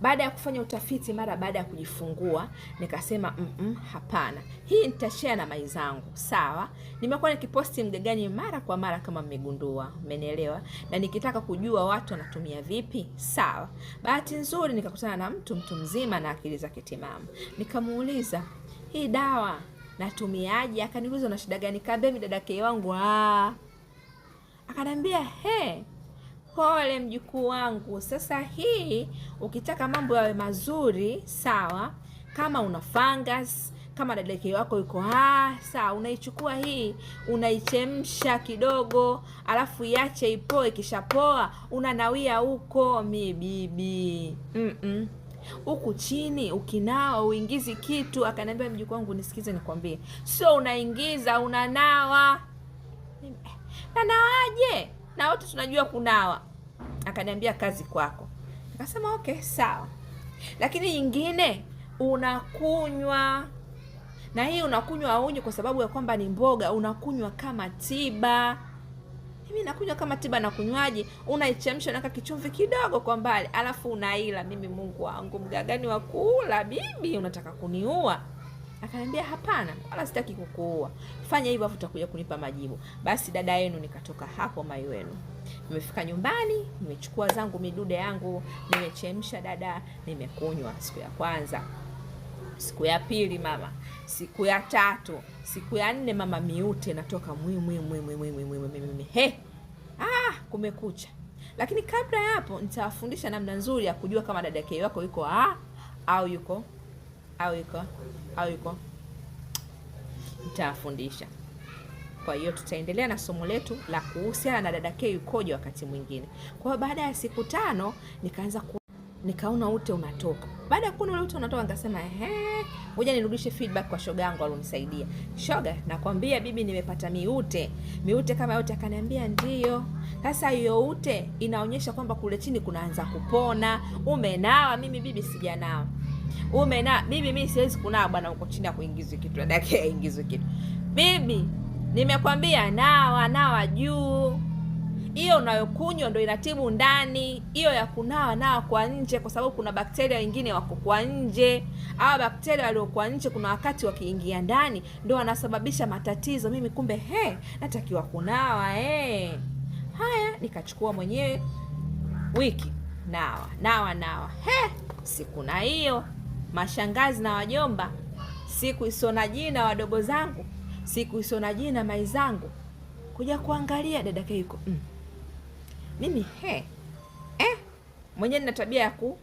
Baada ya kufanya utafiti mara baada ya kujifungua nikasema mm -mm, hapana, hii nitashare na mai zangu. Sawa, nimekuwa nikiposti Mgagani mara kwa mara kama mmegundua, umenielewa, na nikitaka kujua watu wanatumia vipi. Sawa, bahati nzuri nikakutana na mtu mtu mzima na akili za kitimamu, nikamuuliza hii dawa natumiaje? Akaniuliza na shida gani? Kaambia mi dada kee wangu, akaniambia he Pole mjukuu wangu. Sasa hii ukitaka mambo yawe mazuri, sawa, kama una fungus kama dadake wako yuko haa, ah, sawa, unaichukua hii, unaichemsha kidogo, alafu iache ipoe. Ikishapoa unanawia huko mibibi mm -mm huku chini ukinawa uingizi kitu. Akaniambia mjukuu wangu, nisikize nikwambie, sio unaingiza unanawa. Nanawaje? na wote tunajua kunawa. Akaniambia kazi kwako. Nikasema okay, sawa. Lakini nyingine unakunywa na hii unakunywa aunywi kwa sababu ya kwamba ni mboga, unakunywa kama tiba. Mimi nakunywa kama tiba na kunywaji, unaichemsha unaweka kichumvi kidogo kwa mbali, alafu unaila. Mimi Mungu wangu, mgagani wa kula bibi, unataka kuniua? Akaniambia hapana, wala sitaki kukuua, fanya hivyo afu utakuja kunipa majibu. Basi dada yenu, nikatoka hapo mayu wenu. Nimefika nyumbani, nimechukua zangu midude yangu, nimechemsha dada, nimekunywa siku ya kwanza, siku ya pili mama, siku ya tatu, siku ya nne mama, miute natoka mwi mwi mwi mwi mwi mwi mwi mwi he, ah, kumekucha. Lakini kabla ya hapo, nitawafundisha namna nzuri ya kujua kama dada yake wako yuko a ah, au yuko au yuko au yuko, nitawafundisha. Kwa hiyo tutaendelea na somo letu la kuhusiana na dada K yukoje wakati mwingine. Kwa hiyo baada ya siku tano nikaanza ku nikaona ute unatoka. Baada ya kuona ute unatoka, nikasema ehe, ngoja nirudishe feedback kwa shoga yangu alionisaidia. Shoga, nakwambia bibi, nimepata miute miute kama yote. Akaniambia ndio. Sasa hiyo ute inaonyesha kwamba kule chini kunaanza kupona. Umenawa? Mimi bibi, sijanawa umena bibi, mi siwezi kunawa bwana huko chini ya kuingizwa kitu, dadake aingizwe kitu. Bibi, nimekwambia nawa nawa juu hiyo unayokunywa ndo inatibu ndani, hiyo ya kunawa nawa kwa nje, kwa sababu kuna bakteria wengine wako kwa nje. Hawa bakteria waliokuwa nje, kuna wakati wakiingia ndani ndo wanasababisha matatizo. Mimi kumbe, he, natakiwa kunawa eh. Haya, nikachukua mwenyewe wiki nawa nawa nawa, he, siku na hiyo mashangazi na wajomba, siku isiyo na jina, wadogo zangu, siku isiyo na jina, mai zangu, kuja kuangalia dada Keiko. Mm. Mimi he eh, mwenyewe nina tabia ya ku